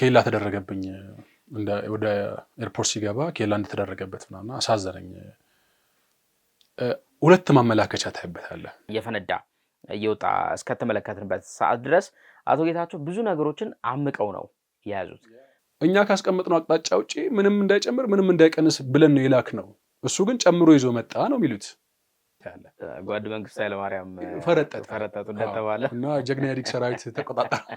ኬላ ተደረገብኝ። ወደ ኤርፖርት ሲገባ ኬላ እንደተደረገበት ምናምን አሳዘነኝ። ሁለት ማመላከቻ ታይበታለህ። እየፈነዳ እየወጣ እስከተመለከትንበት ሰዓት ድረስ አቶ ጌታቸው ብዙ ነገሮችን አምቀው ነው የያዙት። እኛ ካስቀመጥነው አቅጣጫ ውጭ ምንም እንዳይጨምር ምንም እንዳይቀንስ ብለን ነው የላክ ነው። እሱ ግን ጨምሮ ይዞ መጣ ነው የሚሉት። ጓድ መንግስቱ ኃይለማርያም ፈረጠጥ ፈረጠጡ እንደተባለ እና ጀግና ኢህአዴግ ሰራዊት ተቆጣጠረ።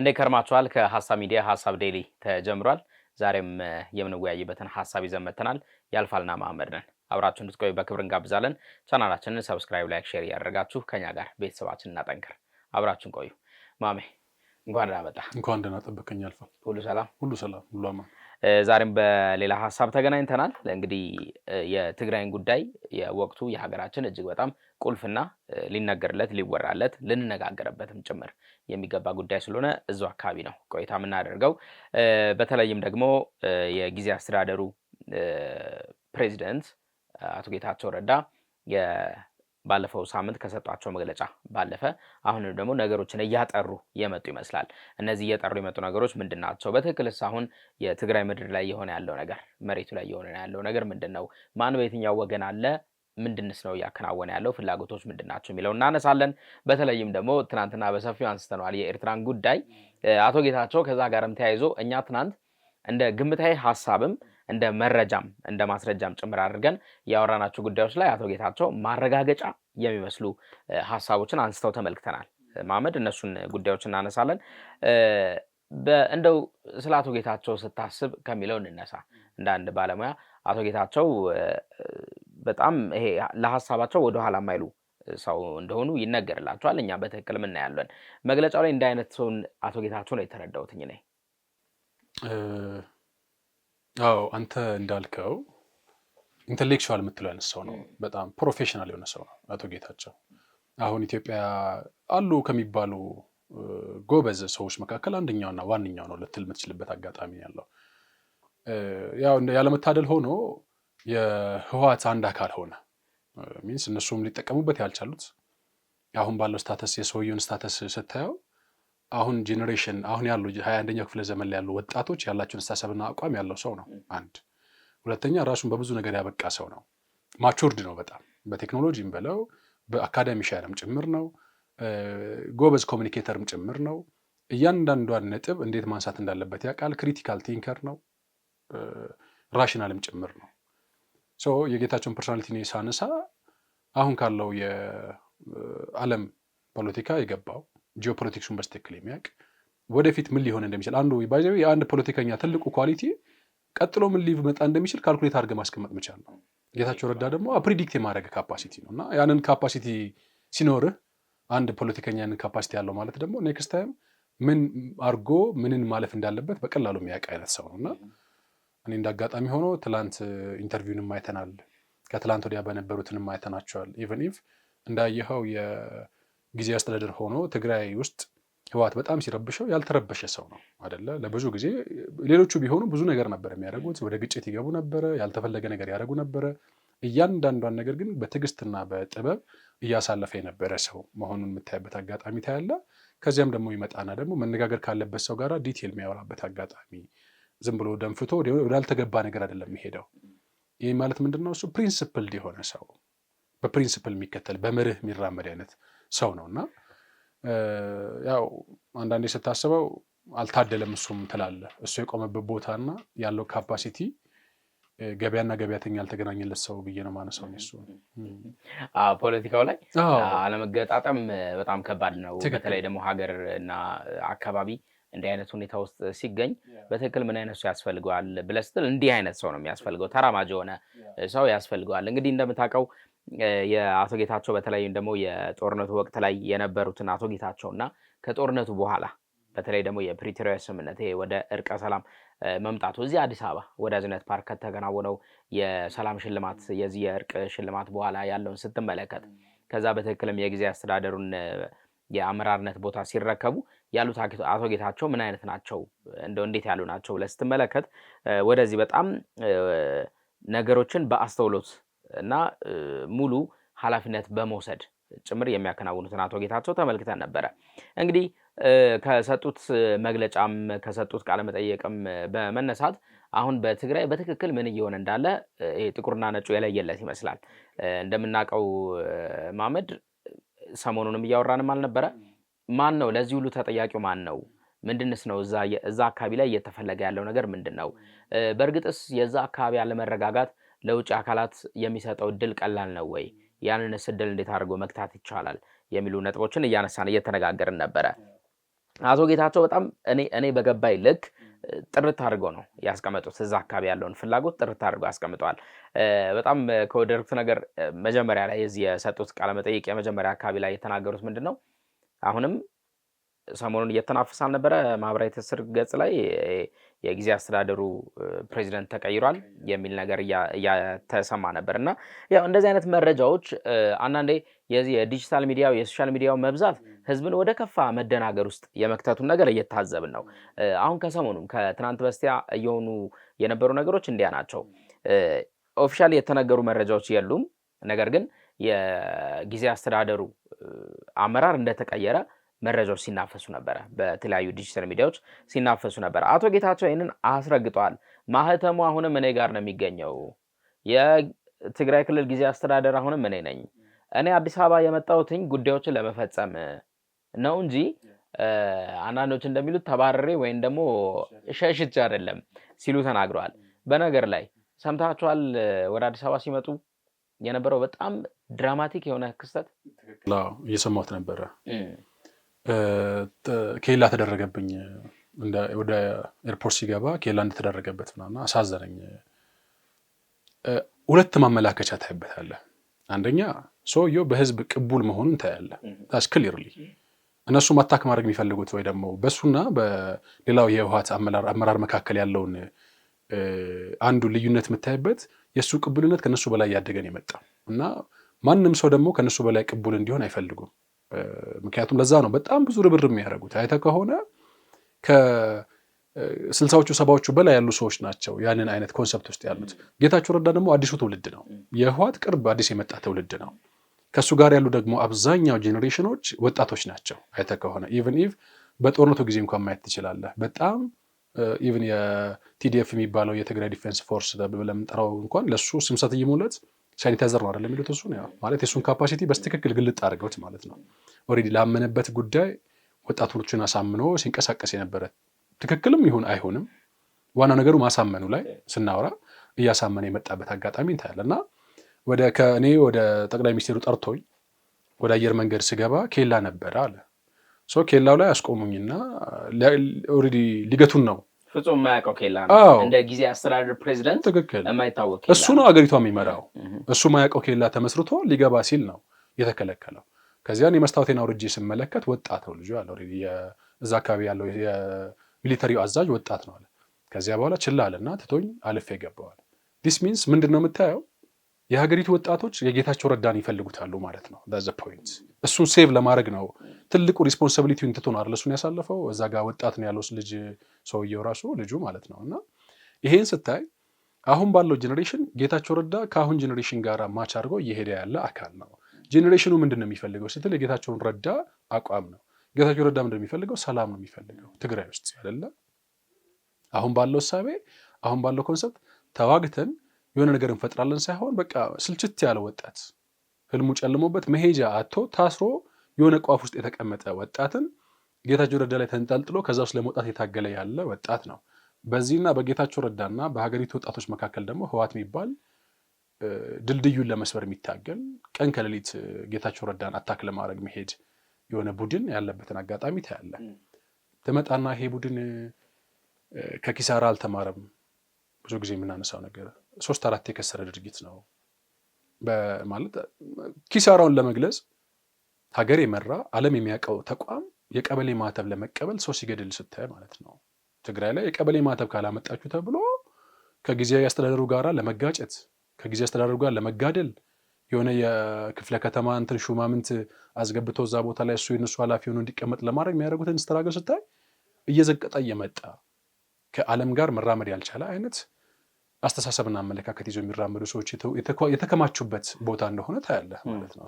እንደ ከርማችኋል። ከሀሳብ ሚዲያ ሀሳብ ዴይሊ ተጀምሯል። ዛሬም የምንወያይበትን ሀሳብ ይዘን መጥተናል። ያልፋልና ማህመድ ነን። አብራችሁ እንድትቆዩ በክብር እንጋብዛለን። ቻናላችንን ሰብስክራይብ፣ ላይክ፣ ሼር እያደረጋችሁ ከኛ ጋር ቤተሰባችን እናጠንክር። አብራችን ። ቆዩ ማሜ እንኳን ደህና መጣህ። እንኳን ደህና ጠበቀኝ። አልፋ ሁሉ ሰላም፣ ሁሉ ሰላም፣ ሁሉ አማን። ዛሬም በሌላ ሀሳብ ተገናኝተናል። እንግዲህ የትግራይን ጉዳይ የወቅቱ የሀገራችን እጅግ በጣም ቁልፍና ሊነገርለት ሊወራለት ልንነጋገርበትም ጭምር የሚገባ ጉዳይ ስለሆነ እዙ አካባቢ ነው ቆይታ የምናደርገው። በተለይም ደግሞ የጊዜ አስተዳደሩ ፕሬዚደንት አቶ ጌታቸው ረዳ ባለፈው ሳምንት ከሰጧቸው መግለጫ ባለፈ አሁን ደግሞ ነገሮችን እያጠሩ የመጡ ይመስላል። እነዚህ እየጠሩ የመጡ ነገሮች ምንድን ናቸው? በትክክልስ አሁን የትግራይ ምድር ላይ የሆነ ያለው ነገር መሬቱ ላይ የሆነ ያለው ነገር ምንድን ነው? ማን በየትኛው ወገን አለ? ምንድንስ ነው እያከናወነ ያለው? ፍላጎቶች ምንድን ናቸው የሚለው እናነሳለን። በተለይም ደግሞ ትናንትና በሰፊው አንስተነዋል የኤርትራን ጉዳይ አቶ ጌታቸው። ከዛ ጋርም ተያይዞ እኛ ትናንት እንደ ግምታዊ ሀሳብም እንደ መረጃም እንደ ማስረጃም ጭምር አድርገን ያወራናቸው ጉዳዮች ላይ አቶ ጌታቸው ማረጋገጫ የሚመስሉ ሀሳቦችን አንስተው ተመልክተናል። ማመድ እነሱን ጉዳዮች እናነሳለን። እንደው ስለ አቶ ጌታቸው ስታስብ ከሚለው እንነሳ። እንደ አንድ ባለሙያ አቶ ጌታቸው በጣም ይሄ ለሀሳባቸው ወደኋላ የማይሉ ሰው እንደሆኑ ይነገርላቸዋል። እኛ በትክክል እናያለን። መግለጫው ላይ እንደ አይነት ሰውን አቶ ጌታቸው ነው የተረዳሁትኝ እኔ አዎ አንተ እንዳልከው ኢንተሌክቹዋል የምትለው አይነት ሰው ነው። በጣም ፕሮፌሽናል የሆነ ሰው ነው አቶ ጌታቸው። አሁን ኢትዮጵያ አሉ ከሚባሉ ጎበዝ ሰዎች መካከል አንደኛውና ዋነኛው ነው ልትል የምትችልበት አጋጣሚ ያለው። ያው ያለመታደል ሆኖ የህወሓት አንድ አካል ሆነ። ሚንስ እነሱም ሊጠቀሙበት ያልቻሉት አሁን ባለው ስታተስ የሰውየውን ስታተስ ስታየው አሁን ጄኔሬሽን አሁን ያሉ ሀያ አንደኛው ክፍለ ዘመን ላይ ያሉ ወጣቶች ያላቸውን አስተሳሰብና አቋም ያለው ሰው ነው። አንድ ሁለተኛ ራሱን በብዙ ነገር ያበቃ ሰው ነው። ማቹርድ ነው በጣም በቴክኖሎጂም በለው በአካዳሚ ሻለም ጭምር ነው። ጎበዝ ኮሚኒኬተርም ጭምር ነው። እያንዳንዷን ነጥብ እንዴት ማንሳት እንዳለበት ያውቃል። ክሪቲካል ቲንከር ነው። ራሽናልም ጭምር ነው። የጌታቸውን ፐርሶናሊቲ ሳነሳ አሁን ካለው የዓለም ፖለቲካ የገባው ጂኦፖለቲክሱን በስትክክል የሚያውቅ ወደፊት ምን ሊሆን እንደሚችል አንዱ ባይዘዊ የአንድ ፖለቲከኛ ትልቁ ኳሊቲ ቀጥሎ ምን ሊመጣ እንደሚችል ካልኩሌት አድርገ ማስቀመጥ መቻል ነው። ጌታቸው ረዳ ደግሞ ፕሪዲክት የማድረግ ካፓሲቲ ነው እና ያንን ካፓሲቲ ሲኖርህ አንድ ፖለቲከኛ ያንን ካፓሲቲ ያለው ማለት ደግሞ ኔክስት ታይም ምን አድርጎ ምንን ማለፍ እንዳለበት በቀላሉ የሚያውቅ አይነት ሰው ነው እና እኔ እንደ አጋጣሚ ሆኖ ትላንት ኢንተርቪውንም አይተናል። ከትላንት ወዲያ በነበሩትንም አይተናቸዋል። ኢቨን ኢፍ እንዳየኸው ጊዜ አስተዳደር ሆኖ ትግራይ ውስጥ ህወሓት በጣም ሲረብሸው ያልተረበሸ ሰው ነው አደለ? ለብዙ ጊዜ ሌሎቹ ቢሆኑ ብዙ ነገር ነበር የሚያደርጉት። ወደ ግጭት ይገቡ ነበረ፣ ያልተፈለገ ነገር ያደርጉ ነበረ። እያንዳንዷን ነገር ግን በትዕግስትና በጥበብ እያሳለፈ የነበረ ሰው መሆኑን የምታይበት አጋጣሚ ታያለ። ከዚያም ደግሞ ይመጣና ደግሞ መነጋገር ካለበት ሰው ጋር ዲቴል የሚያወራበት አጋጣሚ፣ ዝም ብሎ ደንፍቶ ወዳልተገባ ነገር አይደለም የሚሄደው። ይህ ማለት ምንድነው? እሱ ፕሪንስፕል የሆነ ሰው በፕሪንስፕል የሚከተል በመርህ የሚራመድ አይነት ሰው ነው እና ያው አንዳንዴ ስታስበው አልታደለም እሱም ትላለህ። እሱ የቆመበት ቦታና ያለው ካፓሲቲ ገበያና ገበያተኛ ያልተገናኘለት ሰው ብዬ ነው ማነሳው። እሱ ፖለቲካው ላይ አለመገጣጠም በጣም ከባድ ነው። በተለይ ደግሞ ሀገር እና አካባቢ እንዲህ አይነት ሁኔታ ውስጥ ሲገኝ በትክክል ምን አይነት ሰው ያስፈልገዋል ብለህ ስትል እንዲህ አይነት ሰው ነው የሚያስፈልገው፣ ተራማጅ የሆነ ሰው ያስፈልገዋል። እንግዲህ እንደምታውቀው የአቶ ጌታቸው በተለይም ደግሞ የጦርነቱ ወቅት ላይ የነበሩትን አቶ ጌታቸው እና ከጦርነቱ በኋላ በተለይ ደግሞ የፕሪቶሪያ ስምምነት ወደ እርቀ ሰላም መምጣቱ እዚህ አዲስ አበባ ወዳጅነት ፓርክ ከተከናወነው የሰላም ሽልማት የዚህ የእርቅ ሽልማት በኋላ ያለውን ስትመለከት ከዛ በትክክልም የጊዜ አስተዳደሩን የአመራርነት ቦታ ሲረከቡ ያሉት አቶ ጌታቸው ምን አይነት ናቸው እንደ እንዴት ያሉ ናቸው ብለህ ስትመለከት ወደዚህ በጣም ነገሮችን በአስተውሎት እና ሙሉ ኃላፊነት በመውሰድ ጭምር የሚያከናውኑትን አቶ ጌታቸው ተመልክተን ነበረ። እንግዲህ ከሰጡት መግለጫም ከሰጡት መጠየቅም በመነሳት አሁን በትግራይ በትክክል ምን እየሆነ እንዳለ ጥቁርና ነጩ የለየለት ይመስላል። እንደምናውቀው ማመድ ሰሞኑንም እያወራንም አልነበረ? ማን ነው ለዚህ ሁሉ ተጠያቂው? ማን ነው? ምንድንስ ነው እዛ አካባቢ ላይ እየተፈለገ ያለው ነገር ምንድን ነው? በእርግጥስ የዛ አካባቢ ያለመረጋጋት ለውጭ አካላት የሚሰጠው እድል ቀላል ነው ወይ? ያንን እድል እንዴት አድርጎ መግታት ይቻላል? የሚሉ ነጥቦችን እያነሳን እየተነጋገርን ነበረ። አቶ ጌታቸው በጣም እኔ በገባይ ልክ ጥርት አድርጎ ነው ያስቀመጡት። እዛ አካባቢ ያለውን ፍላጎት ጥርት አድርጎ ያስቀምጠዋል። በጣም ከወደድኩት ነገር መጀመሪያ ላይ የዚህ የሰጡት ቃለመጠይቅ የመጀመሪያ አካባቢ ላይ የተናገሩት ምንድን ነው? አሁንም ሰሞኑን እየተናፈሰ አልነበረ ማህበራዊ ትስስር ገጽ ላይ የጊዜ አስተዳደሩ ፕሬዚደንት ተቀይሯል የሚል ነገር እያተሰማ ነበር እና ያው እንደዚህ አይነት መረጃዎች አንዳንዴ የዚህ የዲጂታል ሚዲያው የሶሻል ሚዲያው መብዛት ህዝብን ወደ ከፋ መደናገር ውስጥ የመክተቱን ነገር እየታዘብን ነው። አሁን ከሰሞኑም ከትናንት በስቲያ እየሆኑ የነበሩ ነገሮች እንዲያ ናቸው። ኦፊሻል የተነገሩ መረጃዎች የሉም። ነገር ግን የጊዜ አስተዳደሩ አመራር እንደተቀየረ መረጃዎች ሲናፈሱ ነበረ፣ በተለያዩ ዲጂታል ሚዲያዎች ሲናፈሱ ነበረ። አቶ ጌታቸው ይህንን አስረግጠዋል። ማህተሙ አሁንም እኔ ጋር ነው የሚገኘው። የትግራይ ክልል ጊዜ አስተዳደር አሁንም እኔ ነኝ። እኔ አዲስ አበባ የመጣሁትኝ ጉዳዮችን ለመፈጸም ነው እንጂ አንዳንዶች እንደሚሉት ተባረሬ ወይም ደግሞ ሸሽቼ አይደለም ሲሉ ተናግረዋል። በነገር ላይ ሰምታችኋል። ወደ አዲስ አበባ ሲመጡ የነበረው በጣም ድራማቲክ የሆነ ክስተት እየሰማሁት ነበረ። ኬላ ተደረገብኝ ወደ ኤርፖርት ሲገባ ኬላ እንደተደረገበት ምናምን አሳዘነኝ። ሁለት ማመላከቻ ታይበታለህ። አንደኛ ሰውየው በህዝብ ቅቡል መሆኑን ታያለህ። ታስ ክሊርሊ እነሱ ማታክ ማድረግ የሚፈልጉት ወይ ደግሞ በእሱና በሌላው የህወሓት አመራር መካከል ያለውን አንዱ ልዩነት የምታይበት የእሱ ቅቡልነት ከነሱ በላይ እያደገን የመጣ እና ማንም ሰው ደግሞ ከነሱ በላይ ቅቡል እንዲሆን አይፈልጉም። ምክንያቱም ለዛ ነው በጣም ብዙ ርብር የሚያደርጉት። አይተ ከሆነ ከስልሳዎቹ ሰባዎቹ በላይ ያሉ ሰዎች ናቸው ያንን አይነት ኮንሰፕት ውስጥ ያሉት። ጌታቸው ረዳ ደግሞ አዲሱ ትውልድ ነው፣ የህወሓት ቅርብ አዲስ የመጣ ትውልድ ነው። ከእሱ ጋር ያሉ ደግሞ አብዛኛው ጄኔሬሽኖች ወጣቶች ናቸው። አይተ ከሆነ ኢቨን ኢቭ በጦርነቱ ጊዜ እንኳን ማየት ትችላለህ። በጣም ኢቨን የቲዲኤፍ የሚባለው የትግራይ ዲፌንስ ፎርስ ብለን የምንጠራው እንኳን ለእሱ ስምሰት እየሞለት ሳኒታይዘር ነው አይደለም የሚሉት እሱን ማለት የእሱን ካፓሲቲ በስትክክል ግልጥ አድርገውት ማለት ነው። ኦልሬዲ ላመነበት ጉዳይ ወጣቶቹን አሳምኖ ሲንቀሳቀስ የነበረ ትክክልም ይሁን አይሆንም ዋናው ነገሩ ማሳመኑ ላይ ስናወራ እያሳመነ የመጣበት አጋጣሚ እንታያለ እና ወደ ከእኔ ወደ ጠቅላይ ሚኒስትሩ ጠርቶኝ ወደ አየር መንገድ ስገባ ኬላ ነበረ አለ ኬላው ላይ አስቆሙኝና ኦልሬዲ ሊገቱን ነው ፍጹም የማያውቀው ኬላ ነው። እንደ ጊዜ አስተዳደር ፕሬዚደንት ትክክል የማይታወቅ እሱ ነው አገሪቷ የሚመራው። እሱ የማያውቀው ኬላ ተመስርቶ ሊገባ ሲል ነው የተከለከለው። ከዚያን የመስታወቴን አውርጄ ስመለከት ወጣት ነው ልጁ ያለው እዛ አካባቢ ያለው የሚሊተሪው አዛዥ ወጣት ነው አለ። ከዚያ በኋላ ችላ አለና ትቶኝ አልፌ ገባዋል። ዲስ ሚንስ ምንድን ነው የምታየው የሀገሪቱ ወጣቶች የጌታቸው ረዳን ይፈልጉታሉ ማለት ነው። ዛት ዘ ፖይንት። እሱን ሴቭ ለማድረግ ነው ትልቁ ሪስፖንሲቢሊቲውን ትቶ ነው አይደል እሱን ያሳለፈው። እዛ ጋር ወጣት ነው ያለው ልጅ ሰውየው ራሱ ልጁ ማለት ነው። እና ይሄን ስታይ አሁን ባለው ጀኔሬሽን ጌታቸው ረዳ ከአሁን ጀኔሬሽን ጋር ማች አድርገው እየሄደ ያለ አካል ነው። ጀኔሬሽኑ ምንድን ነው የሚፈልገው ስትል የጌታቸውን ረዳ አቋም ነው። ጌታቸው ረዳ ምንድን ነው የሚፈልገው? ሰላም ነው የሚፈልገው ትግራይ ውስጥ አይደለ። አሁን ባለው እሳቤ አሁን ባለው ኮንሰፕት ተዋግተን የሆነ ነገር እንፈጥራለን ሳይሆን በቃ ስልችት ያለ ወጣት ህልሙ ጨልሞበት መሄጃ አቶ ታስሮ የሆነ ቋፍ ውስጥ የተቀመጠ ወጣትን ጌታቸው ረዳ ላይ ተንጠልጥሎ ከዛ ውስጥ ለመውጣት የታገለ ያለ ወጣት ነው። በዚህና በጌታቸው ረዳና በሀገሪቱ ወጣቶች መካከል ደግሞ ህዋት የሚባል ድልድዩን ለመስበር የሚታገል ቀን ከሌሊት ጌታቸው ረዳን አታክ ለማድረግ መሄድ የሆነ ቡድን ያለበትን አጋጣሚ ታያለ። ትመጣና ይሄ ቡድን ከኪሳራ አልተማረም። ብዙ ጊዜ የምናነሳው ነገር ሶስት አራት የከሰረ ድርጊት ነው ማለት ኪሳራውን ለመግለጽ ሀገር የመራ ዓለም የሚያውቀው ተቋም የቀበሌ ማተብ ለመቀበል ሰው ሲገድል ስታይ ማለት ነው። ትግራይ ላይ የቀበሌ ማተብ ካላመጣችሁ ተብሎ ከጊዜያዊ አስተዳደሩ ጋር ለመጋጨት ከጊዜ አስተዳደሩ ጋር ለመጋደል የሆነ የክፍለ ከተማ እንትን ሹማምንት አስገብቶ እዛ ቦታ ላይ እሱ የነሱ ኃላፊ ሆኖ እንዲቀመጥ ለማድረግ የሚያደርጉትን ስተራገር ስታይ እየዘቀጠ እየመጣ ከዓለም ጋር መራመድ ያልቻለ አይነት አስተሳሰብና አመለካከት ይዞ የሚራመዱ ሰዎች የተከማቹበት ቦታ እንደሆነ ታያለህ ማለት ነው።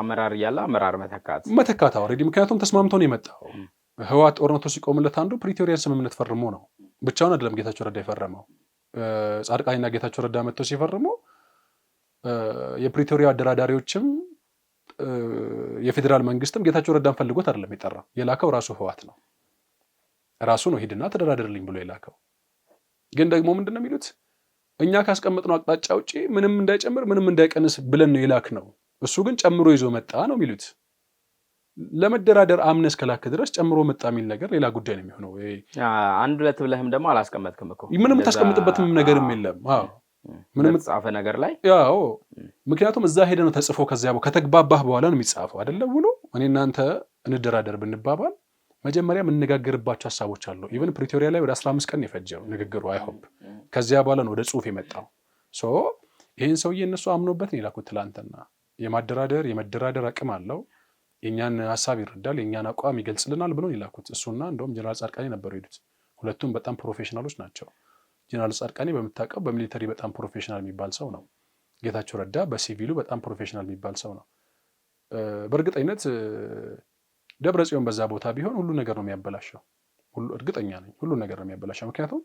አመራር እያለ አመራር መተካት መተካት አልሬዲ ምክንያቱም ተስማምቶ ነው የመጣው። ህወሓት ጦርነቱ ሲቆምለት አንዱ ፕሪቶሪያን ስምምነት ፈርሞ ነው። ብቻውን አይደለም ጌታቸው ረዳ የፈረመው። ጻድቃኝና ጌታቸው ረዳ መጥተው ሲፈርሙ የፕሪቶሪያ አደራዳሪዎችም የፌዴራል መንግስትም ጌታቸው ረዳን ፈልጎት አይደለም የጠራው። የላከው ራሱ ህወሓት ነው። ራሱ ነው ሂድና ተደራደርልኝ ብሎ የላከው። ግን ደግሞ ምንድን ነው የሚሉት እኛ ካስቀመጥነው አቅጣጫ ውጭ ምንም እንዳይጨምር ምንም እንዳይቀንስ ብለን ነው የላክ ነው። እሱ ግን ጨምሮ ይዞ መጣ ነው የሚሉት። ለመደራደር አምነ እስከላክ ድረስ ጨምሮ መጣ የሚል ነገር ሌላ ጉዳይ ነው የሚሆነው። አንድ ሁለት ብለህም ደግሞ አላስቀመጥክም እኮ ምንም የምታስቀምጥበትም ነገርም የለም ምንም ጻፈ ነገር ላይ ያው ምክንያቱም እዛ ሄደ ነው ተጽፎ ከዚያ ከተግባባህ በኋላ ነው የሚጻፈው አይደለም ውሎ እኔ እናንተ እንደራደር ብንባባል መጀመሪያ የምነጋገርባቸው ሀሳቦች አሉ። ኢቨን ፕሪቶሪያ ላይ ወደ 15 ቀን የፈጀው ንግግሩ አይሆብ ከዚያ በኋላ ነው ወደ ጽሁፍ የመጣው። ሶ ይህን ሰውዬ እነሱ አምኖበት ነው የላኩት። ትላንትና የማደራደር የመደራደር አቅም አለው፣ የእኛን ሀሳብ ይረዳል፣ የእኛን አቋም ይገልጽልናል ብሎ ነው የላኩት። እሱና እንደውም ጀነራል ጻድቃኔ ነበሩ ሄዱት። ሁለቱም በጣም ፕሮፌሽናሎች ናቸው። ጀነራል ጻድቃኔ በምታውቀው በሚሊተሪ በጣም ፕሮፌሽናል የሚባል ሰው ነው። ጌታቸው ረዳ በሲቪሉ በጣም ፕሮፌሽናል የሚባል ሰው ነው። በእርግጠኝነት ደብረ ጽዮን በዛ ቦታ ቢሆን ሁሉ ነገር ነው የሚያበላሸው። እርግጠኛ ነኝ ሁሉ ነገር ነው የሚያበላሸው። ምክንያቱም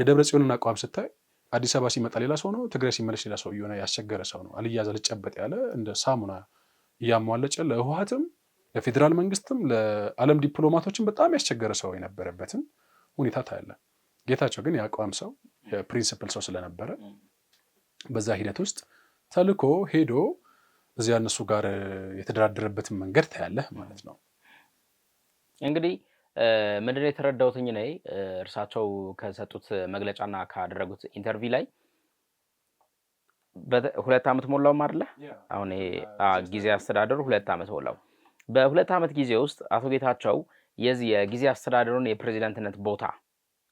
የደብረ ጽዮንን አቋም ስታይ አዲስ አበባ ሲመጣ ሌላ ሰው ነው፣ ትግራይ ሲመለስ ሌላ ሰው እየሆነ ያስቸገረ ሰው ነው። አልያዝ ልጨበጥ ያለ እንደ ሳሙና እያሟለጨ ለህወሀትም ለፌዴራል መንግስትም ለዓለም ዲፕሎማቶችም በጣም ያስቸገረ ሰው የነበረበትን ሁኔታ ታያለ ጌታቸው ግን የአቋም ሰው የፕሪንስፕል ሰው ስለነበረ በዛ ሂደት ውስጥ ተልኮ ሄዶ እዚያ እነሱ ጋር የተደራደረበትን መንገድ ታያለህ ማለት ነው። እንግዲህ ምንድን ነው የተረዳሁት እርሳቸው ከሰጡት መግለጫና ካደረጉት ኢንተርቪው ላይ ሁለት ዓመት ሞላውም አይደለ? አሁን ጊዜ አስተዳደሩ ሁለት ዓመት ሞላው። በሁለት ዓመት ጊዜ ውስጥ አቶ ጌታቸው የዚህ የጊዜ አስተዳደሩን የፕሬዚዳንትነት ቦታ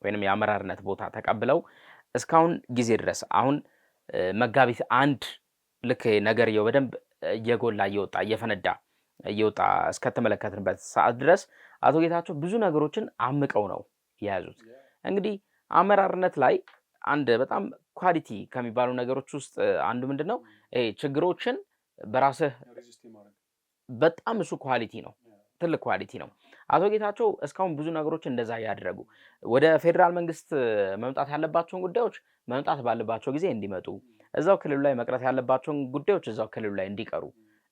ወይም የአመራርነት ቦታ ተቀብለው እስካሁን ጊዜ ድረስ አሁን መጋቢት አንድ ልክ ነገርየው በደንብ እየጎላ እየወጣ እየፈነዳ እየወጣ እስከተመለከትንበት ሰዓት ድረስ አቶ ጌታቸው ብዙ ነገሮችን አምቀው ነው የያዙት። እንግዲህ አመራርነት ላይ አንድ በጣም ኳሊቲ ከሚባሉ ነገሮች ውስጥ አንዱ ምንድን ነው? ችግሮችን በራስህ በጣም እሱ ኳሊቲ ነው፣ ትልቅ ኳሊቲ ነው። አቶ ጌታቸው እስካሁን ብዙ ነገሮች እንደዛ ያደረጉ ወደ ፌዴራል መንግስት መምጣት ያለባቸውን ጉዳዮች መምጣት ባለባቸው ጊዜ እንዲመጡ፣ እዛው ክልሉ ላይ መቅረት ያለባቸውን ጉዳዮች እዛው ክልሉ ላይ እንዲቀሩ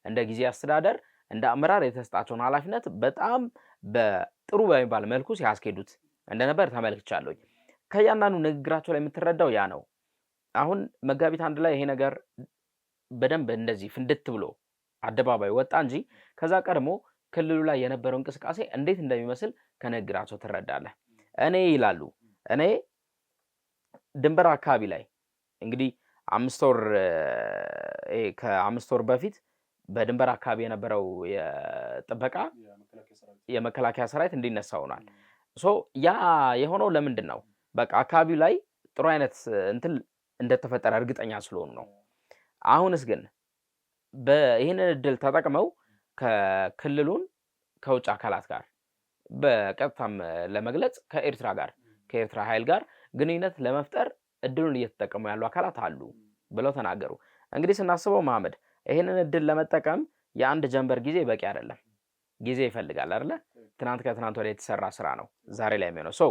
እንደ ጊዜ አስተዳደር እንደ አመራር የተሰጣቸውን ኃላፊነት በጣም በጥሩ በሚባል መልኩ ሲያስኬዱት እንደነበር ተመልክቻለሁ። ከእያንዳንዱ ንግግራቸው ላይ የምትረዳው ያ ነው። አሁን መጋቢት አንድ ላይ ይሄ ነገር በደንብ እንደዚህ ፍንድት ብሎ አደባባይ ወጣ እንጂ ከዛ ቀድሞ ክልሉ ላይ የነበረው እንቅስቃሴ እንዴት እንደሚመስል ከንግግራቸው ትረዳለህ። እኔ ይላሉ እኔ ድንበር አካባቢ ላይ እንግዲህ አምስት ወር ከአምስት ወር በፊት በድንበር አካባቢ የነበረው የጥበቃ የመከላከያ ሰራዊት እንዲነሳ ሆኗል። ሶ ያ የሆነው ለምንድን ነው? በቃ አካባቢው ላይ ጥሩ አይነት እንትን እንደተፈጠረ እርግጠኛ ስለሆኑ ነው። አሁንስ ግን ይህንን እድል ተጠቅመው ከክልሉን ከውጭ አካላት ጋር በቀጥታም ለመግለጽ ከኤርትራ ጋር ከኤርትራ ኃይል ጋር ግንኙነት ለመፍጠር እድሉን እየተጠቀሙ ያሉ አካላት አሉ ብለው ተናገሩ። እንግዲህ ስናስበው መሐመድ ይህንን እድል ለመጠቀም የአንድ ጀንበር ጊዜ በቂ አይደለም። ጊዜ ይፈልጋል አይደለ? ትናንት ከትናንት ወደ የተሰራ ስራ ነው ዛሬ ላይ የሚሆነው ሰው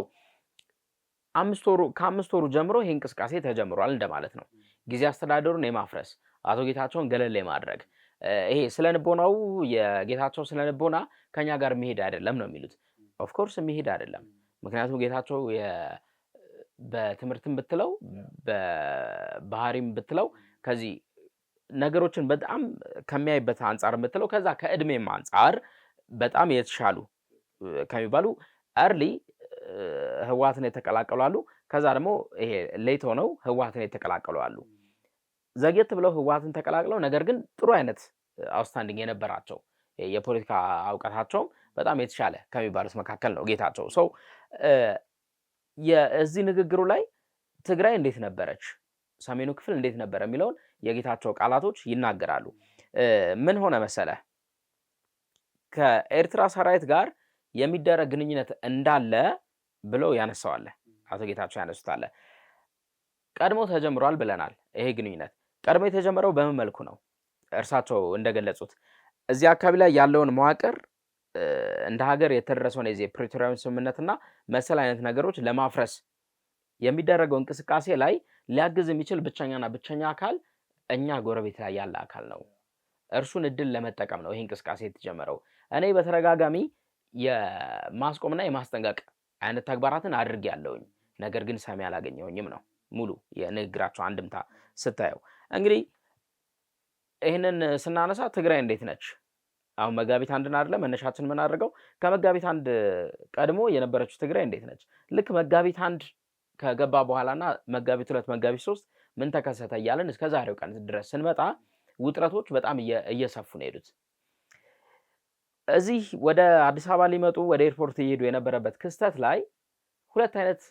ከአምስት ወሩ ጀምሮ ይህ እንቅስቃሴ ተጀምሯል እንደማለት ነው። ጊዜ አስተዳደሩን የማፍረስ አቶ ጌታቸውን ገለል የማድረግ ይሄ ስለ ንቦናው የጌታቸው ስለ ንቦና ከኛ ጋር መሄድ አይደለም ነው የሚሉት። ኦፍኮርስ መሄድ አይደለም። ምክንያቱም ጌታቸው በትምህርትም ብትለው በባህሪም ብትለው ከዚህ ነገሮችን በጣም ከሚያይበት አንጻር የምትለው ከዛ ከእድሜም አንጻር በጣም የተሻሉ ከሚባሉ አርሊ ህወሓትን የተቀላቀሉ አሉ። ከዛ ደግሞ ይሄ ሌት ሆነው ህወሓትን የተቀላቀሉ አሉ። ዘግየት ብለው ህወሓትን ተቀላቅለው ነገር ግን ጥሩ አይነት አውስታንዲንግ የነበራቸው የፖለቲካ እውቀታቸውም በጣም የተሻለ ከሚባሉት መካከል ነው ጌታቸው ሰው የዚህ ንግግሩ ላይ ትግራይ እንዴት ነበረች፣ ሰሜኑ ክፍል እንዴት ነበረ የሚለውን የጌታቸው ቃላቶች ይናገራሉ። ምን ሆነ መሰለ ከኤርትራ ሰራዊት ጋር የሚደረግ ግንኙነት እንዳለ ብለው ያነሳዋለ አቶ ጌታቸው ያነሱታለ። ቀድሞ ተጀምሯል ብለናል። ይሄ ግንኙነት ቀድሞ የተጀመረው በምን መልኩ ነው? እርሳቸው እንደገለጹት እዚህ አካባቢ ላይ ያለውን መዋቅር እንደ ሀገር የተደረሰውን የዚህ ፕሪቶሪያውን ስምምነትና መሰል አይነት ነገሮች ለማፍረስ የሚደረገው እንቅስቃሴ ላይ ሊያግዝ የሚችል ብቸኛና ብቸኛ አካል እኛ ጎረቤት ላይ ያለ አካል ነው። እርሱን እድል ለመጠቀም ነው ይህ እንቅስቃሴ የተጀመረው። እኔ በተደጋጋሚ የማስቆምና የማስጠንቀቅ አይነት ተግባራትን አድርጌያለሁኝ፣ ነገር ግን ሰሚ አላገኘሁኝም ነው ሙሉ የንግግራቸው አንድምታ ስታየው። እንግዲህ ይህንን ስናነሳ ትግራይ እንዴት ነች? አሁን መጋቢት አንድን አይደለ መነሻችን የምናደርገው ከመጋቢት አንድ ቀድሞ የነበረችው ትግራይ እንዴት ነች? ልክ መጋቢት አንድ ከገባ በኋላና መጋቢት ሁለት መጋቢት ሶስት ምን ተከሰተ እያለን እስከ ዛሬው ቀን ድረስ ስንመጣ ውጥረቶች በጣም እየሰፉ ነው ሄዱት። እዚህ ወደ አዲስ አበባ ሊመጡ ወደ ኤርፖርት እየሄዱ የነበረበት ክስተት ላይ ሁለት አይነት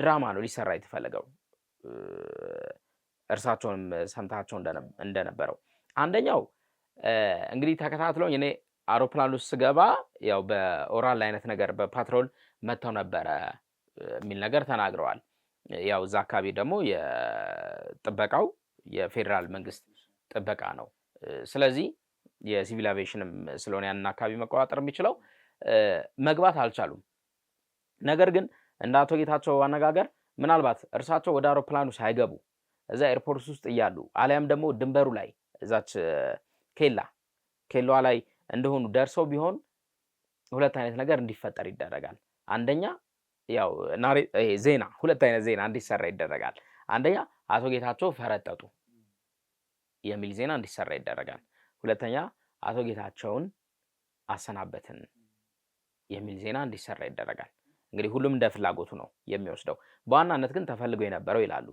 ድራማ ነው ሊሰራ የተፈለገው። እርሳቸውንም ሰምታቸው እንደነበረው አንደኛው እንግዲህ ተከታትለውኝ እኔ አውሮፕላን ውስጥ ስገባ ያው በኦራል አይነት ነገር በፓትሮል መጥተው ነበረ የሚል ነገር ተናግረዋል። ያው እዛ አካባቢ ደግሞ የጥበቃው የፌዴራል መንግስት ጥበቃ ነው። ስለዚህ የሲቪል አቪዬሽንም ስለሆነ ያንን አካባቢ መቆጣጠር የሚችለው መግባት አልቻሉም። ነገር ግን እንደ አቶ ጌታቸው አነጋገር ምናልባት እርሳቸው ወደ አውሮፕላኑ ሳይገቡ እዛ ኤርፖርት ውስጥ እያሉ አሊያም ደግሞ ድንበሩ ላይ እዛች ኬላ ኬላዋ ላይ እንደሆኑ ደርሰው ቢሆን ሁለት አይነት ነገር እንዲፈጠር ይደረጋል። አንደኛ ያው ዜና ሁለት አይነት ዜና እንዲሰራ ይደረጋል። አንደኛ አቶ ጌታቸው ፈረጠጡ የሚል ዜና እንዲሰራ ይደረጋል። ሁለተኛ አቶ ጌታቸውን አሰናበትን የሚል ዜና እንዲሰራ ይደረጋል። እንግዲህ ሁሉም እንደ ፍላጎቱ ነው የሚወስደው። በዋናነት ግን ተፈልጎ የነበረው ይላሉ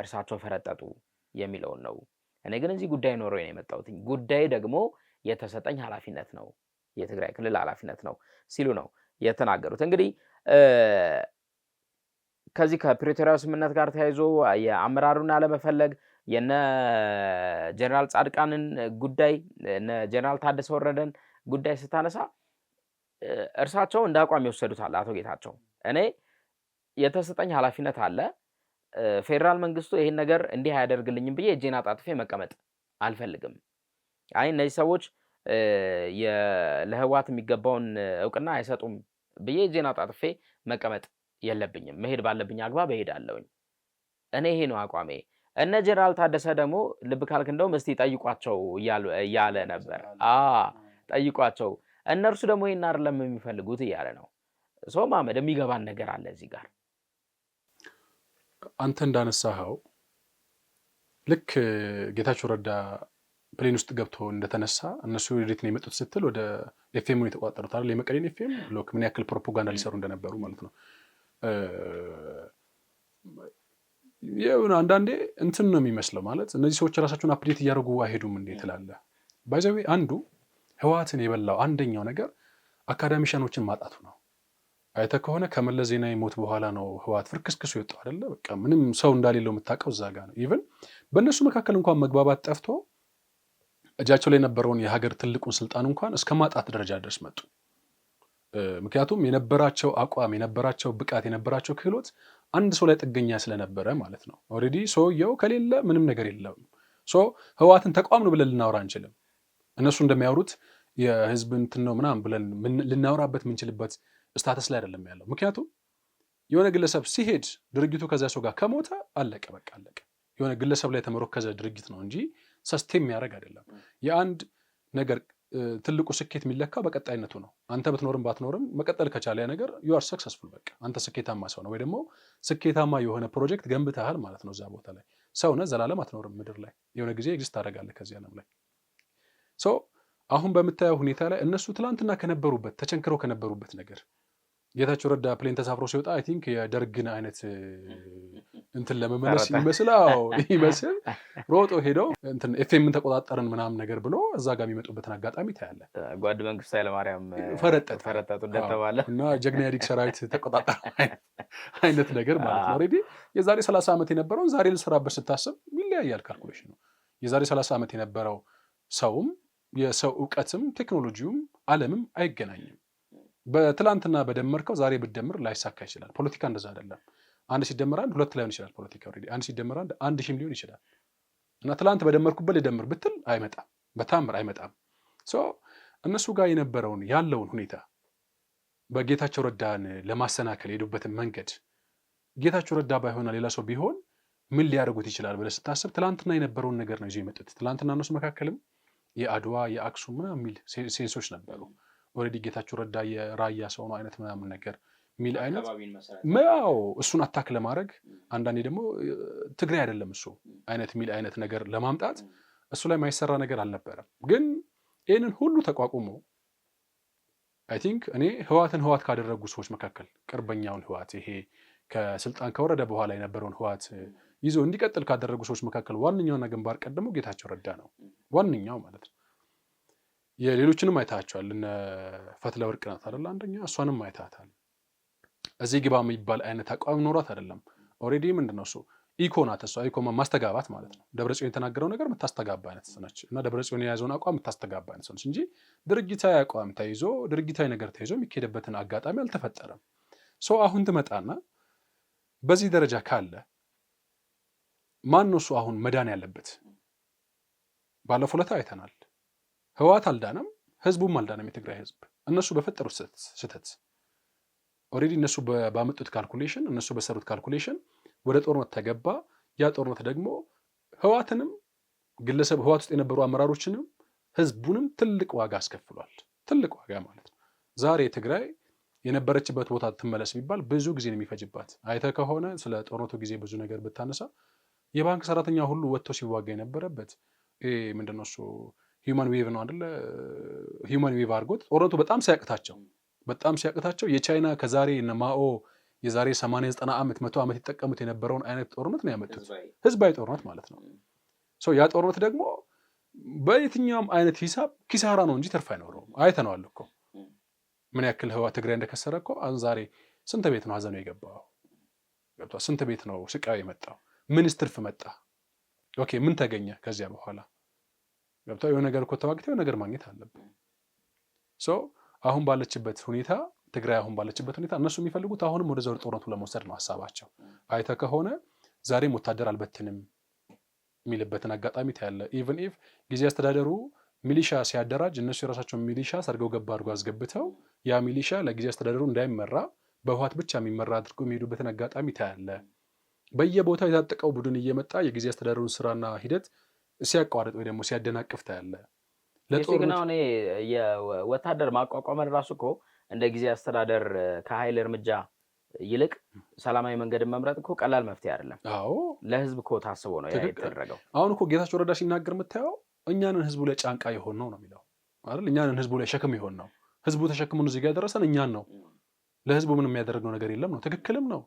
እርሳቸው ፈረጠጡ የሚለውን ነው። እኔ ግን እዚህ ጉዳይ ኖሮ ነው የመጣሁት። ጉዳይ ደግሞ የተሰጠኝ ኃላፊነት ነው፣ የትግራይ ክልል ኃላፊነት ነው ሲሉ ነው የተናገሩት እንግዲህ ከዚህ ከፕሪቶሪያው ስምምነት ጋር ተያይዞ የአመራሩን አለመፈለግ የነ ጀኔራል ጻድቃንን ጉዳይ እነ ጀኔራል ታደሰ ወረደን ጉዳይ ስታነሳ እርሳቸው እንደ አቋም የወሰዱታል። አቶ ጌታቸው እኔ የተሰጠኝ ኃላፊነት አለ፣ ፌዴራል መንግስቱ ይህን ነገር እንዲህ አያደርግልኝም ብዬ እጄን አጣጥፌ መቀመጥ አልፈልግም። አይ እነዚህ ሰዎች ለህወሓት የሚገባውን እውቅና አይሰጡም ብዬ ዜና ጣጥፌ መቀመጥ የለብኝም። መሄድ ባለብኝ አግባብ እሄዳለሁኝ። እኔ ይሄ ነው አቋሜ። እነ ጀራል ታደሰ ደግሞ ልብ ካልክ እንደውም እስቲ ጠይቋቸው እያለ ነበር። ጠይቋቸው እነርሱ ደግሞ ይህን አይደለም የሚፈልጉት እያለ ነው። ሰው ማመድ የሚገባን ነገር አለ እዚህ ጋር አንተ እንዳነሳኸው ልክ ጌታቸው ረዳ ፕሌን ውስጥ ገብቶ እንደተነሳ እነሱ ወዴት ነው የመጡት ስትል ወደ ኤፍኤም ነው የተቆጣጠሩት አይደል? የመቀሌን ኤፍኤም ሎክ ምን ያክል ፕሮፓጋንዳ ሊሰሩ እንደነበሩ ማለት ነው። አንዳንዴ እንትን ነው የሚመስለው ማለት እነዚህ ሰዎች ራሳቸውን አፕዴት እያደረጉ አይሄዱም እንዴ ትላለ። ባይዘዌ አንዱ ህወሓትን የበላው አንደኛው ነገር አካዳሚሻኖችን ማጣቱ ነው። አይተ ከሆነ ከመለስ ዜናዊ ሞት በኋላ ነው ህወሓት ፍርክስክሱ የወጣው አይደለ? በቃ ምንም ሰው እንዳሌለው የምታውቀው እዛ ጋ ነው። ኢቨን በእነሱ መካከል እንኳን መግባባት ጠፍቶ እጃቸው ላይ የነበረውን የሀገር ትልቁን ስልጣን እንኳን እስከ ማጣት ደረጃ ድረስ መጡ። ምክንያቱም የነበራቸው አቋም፣ የነበራቸው ብቃት፣ የነበራቸው ክህሎት አንድ ሰው ላይ ጥገኛ ስለነበረ ማለት ነው። ኦልሬዲ ሰውየው ከሌለ ምንም ነገር የለም። ሶ ህወሓትን ተቋም ነው ብለን ልናወራ አንችልም። እነሱ እንደሚያወሩት የህዝብ እንትን ነው ምናምን ብለን ልናወራበት የምንችልበት ስታተስ ላይ አይደለም ያለው። ምክንያቱም የሆነ ግለሰብ ሲሄድ ድርጊቱ ከዚያ ሰው ጋር ከሞተ አለቀ፣ በቃ አለቀ። የሆነ ግለሰብ ላይ የተመረኮዘ ድርጅት ነው እንጂ ሰስቴም የሚያደርግ አይደለም። የአንድ ነገር ትልቁ ስኬት የሚለካው በቀጣይነቱ ነው። አንተ ብትኖርም ባትኖርም መቀጠል ከቻለ ያ ነገር ዩ አር ሰክሰስፉል፣ በቃ አንተ ስኬታማ ሰው ነው ወይ ደግሞ ስኬታማ የሆነ ፕሮጀክት ገንብተሃል ማለት ነው። እዛ ቦታ ላይ ሰው ነህ፣ ዘላለም አትኖርም ምድር ላይ የሆነ ጊዜ ኤግዚስት ታደርጋለህ ከዚህ ዓለም ላይ አሁን በምታየው ሁኔታ ላይ እነሱ ትላንትና ከነበሩበት ተቸንክረው ከነበሩበት ነገር ጌታቸው ረዳ ፕሌን ተሳፍሮ ሲወጣ አይ ቲንክ የደርግን አይነት እንትን ለመመለስ ይመስላው ይመስል ሮጦ ሄደው ኤፍኤምን ተቆጣጠርን ምናምን ነገር ብሎ እዛ ጋር የሚመጡበትን አጋጣሚ ታያለ። ጓድ መንግስቱ ኃይለማርያም ፈረጠጥ ፈረጠጡ እንደተባለ እና ጀግና ኢህአዴግ ሰራዊት ተቆጣጠር አይነት ነገር ማለት ነው። ኦልሬዲ የዛሬ ሰላሳ ዓመት የነበረውን ዛሬ ልሰራበት ስታስብ ይለያያል። ካልኩሌሽን ነው የዛሬ ሰላሳ ዓመት የነበረው ሰውም የሰው እውቀትም ቴክኖሎጂውም አለምም አይገናኝም። በትላንትና በደመርከው ዛሬ ብደምር ላይሳካ ይችላል። ፖለቲካ እንደዛ አይደለም። አንድ ሲደመር አንድ ሁለት ላይሆን ይችላል። ፖለቲካ አንድ ሲደመር አንድ አንድ ሺህም ሊሆን ይችላል። እና ትላንት በደመርኩበት ልደምር ብትል አይመጣም፣ በታምር አይመጣም። እነሱ ጋር የነበረውን ያለውን ሁኔታ በጌታቸው ረዳን ለማሰናከል የሄዱበትን መንገድ ጌታቸው ረዳ ባይሆና ሌላ ሰው ቢሆን ምን ሊያደርጉት ይችላል ብለህ ስታስብ ትላንትና የነበረውን ነገር ነው ይዞ የመጡት። ትላንትና እነሱ መካከልም የአድዋ የአክሱም ምናምን የሚል ሴንሶች ነበሩ። ኦልሬዲ ጌታቸው ረዳ የራያ ሰው ነው አይነት ምናምን ነገር የሚል አይነት ያው እሱን አታክ ለማድረግ አንዳንዴ ደግሞ ትግራይ አይደለም እሱ አይነት የሚል አይነት ነገር ለማምጣት እሱ ላይ ማይሰራ ነገር አልነበረም። ግን ይህንን ሁሉ ተቋቁሞ አይ ቲንክ እኔ ህዋትን ህዋት ካደረጉ ሰዎች መካከል ቅርበኛውን ህዋት ይሄ ከስልጣን ከወረደ በኋላ የነበረውን ህዋት ይዞ እንዲቀጥል ካደረጉ ሰዎች መካከል ዋነኛውና ግንባር ቀደሞ ጌታቸው ረዳ ነው። ዋነኛው ማለት ነው። የሌሎችንም አይታቸዋል። እነ ፈትለ ወርቅ ናት አደለ አንደኛ፣ እሷንም አይታታል። እዚህ ግባ የሚባል አይነት አቋም ኖሯት አደለም። ኦልሬዲ ምንድን ነው እሱ ኢኮ ናት። እሷ ኢኮ ማስተጋባት ማለት ነው። ደብረጽዮን የተናገረው ነገር የምታስተጋባ አይነት ነች እና ደብረጽዮን የያዘውን አቋም የምታስተጋባ አይነት ነች እንጂ ድርጊታዊ አቋም ተይዞ ድርጊታዊ ነገር ተይዞ የሚካሄድበትን አጋጣሚ አልተፈጠረም። ሰው አሁን ትመጣና በዚህ ደረጃ ካለ ማን ነው እሱ አሁን መዳን ያለበት? ባለፈው ዕለት አይተናል። ህወሓት አልዳነም፣ ህዝቡም አልዳነም። የትግራይ ህዝብ እነሱ በፈጠሩት ስህተት ኦልሬዲ እነሱ ባመጡት ካልኩሌሽን እነሱ በሰሩት ካልኩሌሽን ወደ ጦርነት ተገባ። ያ ጦርነት ደግሞ ህወሓትንም ግለሰብ ህወሓት ውስጥ የነበሩ አመራሮችንም ህዝቡንም ትልቅ ዋጋ አስከፍሏል። ትልቅ ዋጋ ማለት ነው። ዛሬ ትግራይ የነበረችበት ቦታ ትመለስ ቢባል ብዙ ጊዜ ነው የሚፈጅባት። አይተ ከሆነ ስለ ጦርነቱ ጊዜ ብዙ ነገር ብታነሳ የባንክ ሰራተኛ ሁሉ ወጥቶ ሲዋጋ የነበረበት ምንድነው እሱ ሂውማን ዌቭ ነው አይደለ? ሂውማን ዌቭ አድርጎት ጦርነቱ በጣም ሲያቅታቸው በጣም ሲያቅታቸው የቻይና ከዛሬ እነ ማኦ የዛሬ 80 90 ዓመት መቶ ዓመት ይጠቀሙት የነበረውን አይነት ጦርነት ነው ያመጡት። ህዝባዊ ጦርነት ማለት ነው። ሰው ያ ጦርነት ደግሞ በየትኛውም አይነት ሂሳብ ኪሳራ ነው እንጂ ትርፍ አይኖረውም። አይተነዋል እኮ ምን ያክል ህዋ ትግራይ እንደከሰረ እኮ። አሁን ዛሬ ስንት ቤት ነው ሀዘኑ የገባው? ገብቷል። ስንት ቤት ነው ስቃዩ የመጣው? ምንስ ትርፍ መጣ? ኦኬ ምን ተገኘ ከዚያ በኋላ ገብታ የሆነ ነገር እኮ ተዋግተህ የሆነ ነገር ማግኘት አለብን። አሁን ባለችበት ሁኔታ ትግራይ አሁን ባለችበት ሁኔታ እነሱ የሚፈልጉት አሁንም ወደ ዘር ጦርነቱ ለመውሰድ ነው ሀሳባቸው። አይተ ከሆነ ዛሬም ወታደር አልበትንም የሚልበትን አጋጣሚ ታያለ። ኢቨን ኢፍ ጊዜ አስተዳደሩ ሚሊሻ ሲያደራጅ እነሱ የራሳቸውን ሚሊሻ ሰርገው ገባ አድርጎ አስገብተው ያ ሚሊሻ ለጊዜ አስተዳደሩ እንዳይመራ በህወሓት ብቻ የሚመራ አድርጎ የሚሄዱበትን አጋጣሚ ታያለ። በየቦታው የታጠቀው ቡድን እየመጣ የጊዜ አስተዳደሩን ስራና ሂደት ሲያቋርጥ ወይ ደግሞ ሲያደናቅፍ ታያለህ። ለጦርነት እኔ የወታደር ማቋቋመን ራሱ እኮ እንደ ጊዜ አስተዳደር ከኃይል እርምጃ ይልቅ ሰላማዊ መንገድን መምረጥ እኮ ቀላል መፍትሄ አይደለም። አዎ ለህዝብ እኮ ታስቦ ነው የተደረገው። አሁን እኮ ጌታቸው ረዳ ሲናገር የምታየው እኛንን ህዝቡ ላይ ጫንቃ የሆን ነው ነው የሚለው አይደል? እኛንን ህዝቡ ላይ ሸክም የሆን ነው። ህዝቡ ተሸክሙን እዚህ ጋ ያደረሰን እኛን ነው። ለህዝቡ ምን የሚያደርገው ነገር የለም ነው። ትክክልም ነው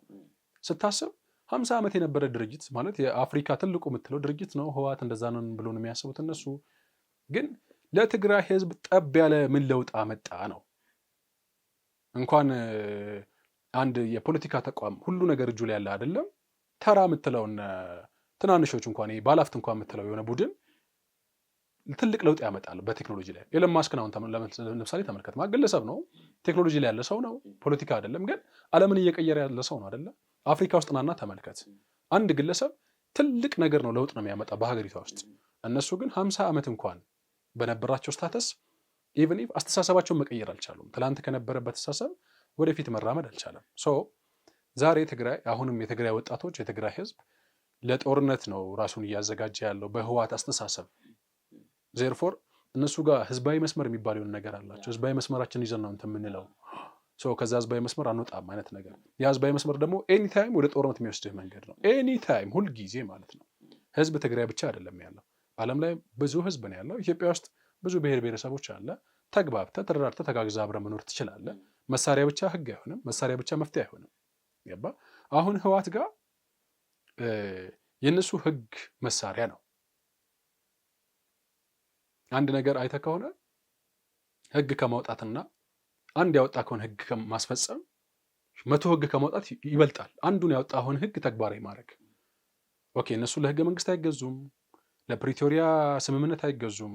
ስታስብ ሀምሳ ዓመት የነበረ ድርጅት ማለት የአፍሪካ ትልቁ የምትለው ድርጅት ነው። ህወሓት እንደዛ ነን ብሎ ነው የሚያስቡት እነሱ። ግን ለትግራይ ህዝብ ጠብ ያለ ምን ለውጥ አመጣ ነው? እንኳን አንድ የፖለቲካ ተቋም ሁሉ ነገር እጁ ላይ ያለ አይደለም። ተራ የምትለውን ትናንሾች እንኳን ባላፍት እንኳን የምትለው የሆነ ቡድን ትልቅ ለውጥ ያመጣል በቴክኖሎጂ ላይ። ኤለን ማስክን አሁን ለምሳሌ ተመልከት። ግለሰብ ነው፣ ቴክኖሎጂ ላይ ያለ ሰው ነው፣ ፖለቲካ አይደለም። ግን አለምን እየቀየረ ያለ ሰው ነው አይደለም አፍሪካ ውስጥ ናና ተመልከት። አንድ ግለሰብ ትልቅ ነገር ነው፣ ለውጥ ነው የሚያመጣ በሀገሪቷ ውስጥ። እነሱ ግን ሀምሳ ዓመት እንኳን በነበራቸው ስታተስ ኢቨን ኢፍ አስተሳሰባቸውን መቀየር አልቻሉም። ትላንት ከነበረበት አስተሳሰብ ወደፊት መራመድ አልቻለም። ሶ ዛሬ ትግራይ አሁንም የትግራይ ወጣቶች የትግራይ ህዝብ ለጦርነት ነው ራሱን እያዘጋጀ ያለው በህዋት አስተሳሰብ። ዜርፎር እነሱ ጋር ህዝባዊ መስመር የሚባል የሆነ ነገር አላቸው። ህዝባዊ መስመራችን ይዘን ነው እንትን የምንለው ከዚ ህዝባዊ መስመር አንወጣም አይነት ነገር። ያ መስመር ደግሞ ኤኒታይም ወደ ጦርነት የሚወስድህ መንገድ ነው። ኤኒታይም ሁልጊዜ ማለት ነው። ህዝብ ትግራይ ብቻ አይደለም ያለው፣ በዓለም ላይ ብዙ ህዝብ ነው ያለው። ኢትዮጵያ ውስጥ ብዙ ብሔር ብሔረሰቦች አለ። ተግባብተ ተደራርተ ተጋግዘ ብረ መኖር ትችላለ። መሳሪያ ብቻ ህግ አይሆንም። መሳሪያ ብቻ መፍትሄ አይሆንም። ገባ አሁን ህዋት ጋር የእነሱ ህግ መሳሪያ ነው። አንድ ነገር አይተ ከሆነ ህግ ከማውጣትና አንድ ያወጣ ከሆነ ህግ ማስፈጸም መቶ ህግ ከማውጣት ይበልጣል። አንዱን ያወጣውን ህግ ተግባራዊ ማድረግ። ኦኬ እነሱ ለህገ መንግስት አይገዙም፣ ለፕሪቶሪያ ስምምነት አይገዙም፣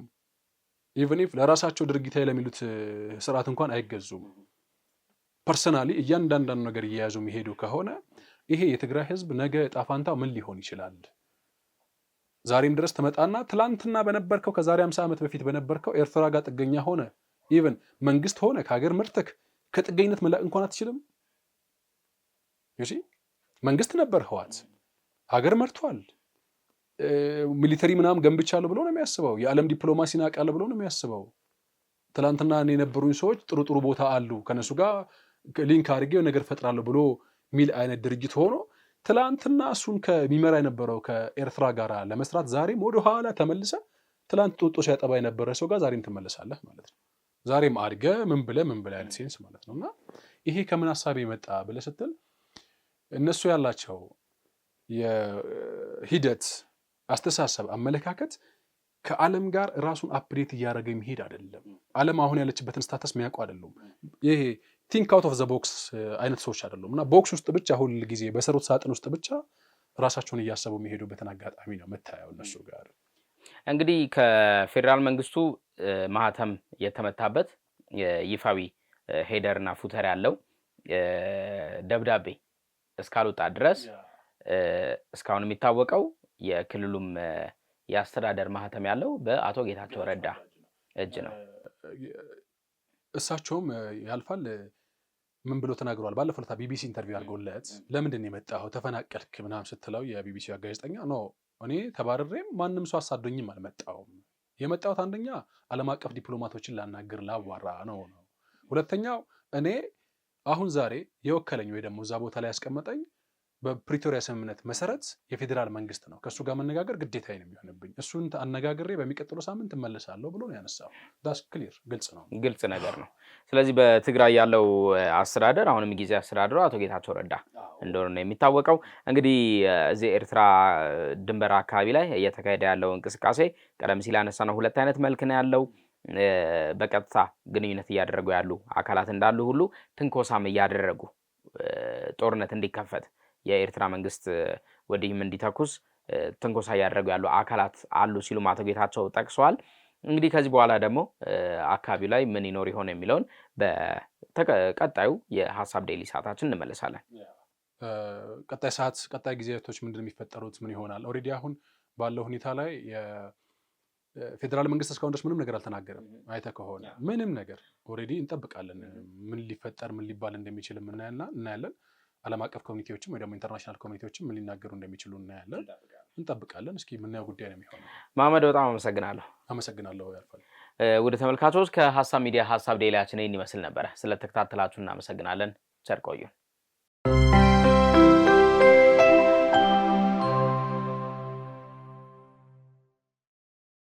ኢቨን ኢፍ ለራሳቸው ድርጊታዊ ለሚሉት ስርዓት እንኳን አይገዙም። ፐርሰናሊ እያንዳንዳንዱ ነገር እየያዙ የሚሄዱ ከሆነ ይሄ የትግራይ ህዝብ ነገ ዕጣ ፋንታው ምን ሊሆን ይችላል? ዛሬም ድረስ ትመጣና ትላንትና በነበርከው ከዛሬ 50 ዓመት በፊት በነበርከው ኤርትራ ጋር ጥገኛ ሆነ ኢቨን መንግስት ሆነ ከሀገር መርተክ ከጥገኝነት መላቅ እንኳን አትችልም። መንግስት ነበር ህዋት ሀገር መርቷል። ሚሊተሪ ምናምን ገንብቻለሁ ብሎ ነው የሚያስበው። የዓለም ዲፕሎማሲ ናቃለሁ ብሎ ነው የሚያስበው። ትናንትና እኔ የነበሩኝ ሰዎች ጥሩ ጥሩ ቦታ አሉ፣ ከነሱ ጋር ሊንክ አድርጌው ነገር ፈጥራለሁ ብሎ ሚል አይነት ድርጅት ሆኖ ትላንትና እሱን ከሚመራ የነበረው ከኤርትራ ጋር ለመስራት ዛሬም ወደ ኋላ ተመልሰ ትላንት ጡጦ ሲያጠባ የነበረ ሰው ጋር ዛሬም ትመለሳለህ ማለት ነው። ዛሬም አድገ ምን ብለ ምን ብለ አይነት ሴንስ ማለት ነው። እና ይሄ ከምን ሀሳብ የመጣ ብለ ስትል እነሱ ያላቸው የሂደት አስተሳሰብ፣ አመለካከት ከዓለም ጋር ራሱን አፕዴት እያደረገ የሚሄድ አይደለም። ዓለም አሁን ያለችበትን ስታተስ የሚያውቁ አይደሉም። ይሄ ቲንክ አውት ኦፍ ዘ ቦክስ አይነት ሰዎች አይደሉም። እና ቦክስ ውስጥ ብቻ ሁል ጊዜ በሰሩት ሳጥን ውስጥ ብቻ ራሳቸውን እያሰቡ የሚሄዱበትን አጋጣሚ ነው የምታየው እነሱ ጋር እንግዲህ ከፌዴራል መንግስቱ ማህተም የተመታበት ይፋዊ ሄደርና ፉተር ያለው ደብዳቤ እስካልወጣ ድረስ እስካሁን የሚታወቀው የክልሉም የአስተዳደር ማህተም ያለው በአቶ ጌታቸው ረዳ እጅ ነው። እሳቸውም ያልፋል ምን ብሎ ተናግሯል? ባለፈው ዕለት ቢቢሲ ኢንተርቪው አድርጎለት ለምንድን የመጣ ተፈናቀልክ ምናምን ስትለው የቢቢሲ ጋዜጠኛ ኖ እኔ ተባረሬም ማንም ሰው አሳዶኝም አልመጣውም? የመጣሁት አንደኛ ዓለም አቀፍ ዲፕሎማቶችን ላናግር ላዋራ ነው ነው። ሁለተኛው እኔ አሁን ዛሬ የወከለኝ ወይ ደግሞ እዛ ቦታ ላይ ያስቀመጠኝ በፕሪቶሪያ ስምምነት መሰረት የፌዴራል መንግስት ነው። ከእሱ ጋር መነጋገር ግዴታ ነው የሚሆንብኝ። እሱን አነጋግሬ በሚቀጥለው ሳምንት እመልሳለሁ ብሎ ነው ያነሳው። ዳስ ክሊር ግልጽ ነው፣ ግልጽ ነገር ነው። ስለዚህ በትግራይ ያለው አስተዳደር አሁንም ጊዜ አስተዳደሩ አቶ ጌታቸው ረዳ እንደሆነ ነው የሚታወቀው። እንግዲህ እዚህ ኤርትራ ድንበር አካባቢ ላይ እየተካሄደ ያለው እንቅስቃሴ ቀደም ሲል ያነሳ ነው፣ ሁለት አይነት መልክ ነው ያለው በቀጥታ ግንኙነት እያደረጉ ያሉ አካላት እንዳሉ ሁሉ ትንኮሳም እያደረጉ ጦርነት እንዲከፈት የኤርትራ መንግስት ወዲህም እንዲተኩስ ትንኮሳ እያደረጉ ያሉ አካላት አሉ ሲሉ አቶ ጌታቸው ጠቅሰዋል። እንግዲህ ከዚህ በኋላ ደግሞ አካባቢው ላይ ምን ይኖር ይሆን የሚለውን በቀጣዩ የሀሳብ ዴይሊ ሰዓታችን እንመለሳለን። ቀጣይ ሰዓት ቀጣይ ጊዜቶች ምንድን የሚፈጠሩት ምን ይሆናል? ኦልሬዲ አሁን ባለው ሁኔታ ላይ የፌዴራል መንግስት እስካሁን ድረስ ምንም ነገር አልተናገረም። አይተህ ከሆነ ምንም ነገር ኦልሬዲ እንጠብቃለን ምን ሊፈጠር ምን ሊባል እንደሚችል እናያለን። ዓለም አቀፍ ኮሚኒቲዎችም ወይ ደግሞ ኢንተርናሽናል ኮሚኒቲዎችም ምን ሊናገሩ እንደሚችሉ እናያለን፣ እንጠብቃለን። እስኪ የምናየው ጉዳይ ነው የሚሆነው። መሐመድ በጣም አመሰግናለሁ። አመሰግናለሁ ያልፋል። ወደ ተመልካቾች ከሀሳብ ሚዲያ ሀሳብ ዴላችን ይህን ይመስል ነበረ። ስለተከታተላችሁ እናመሰግናለን። ቸር ቆዩን።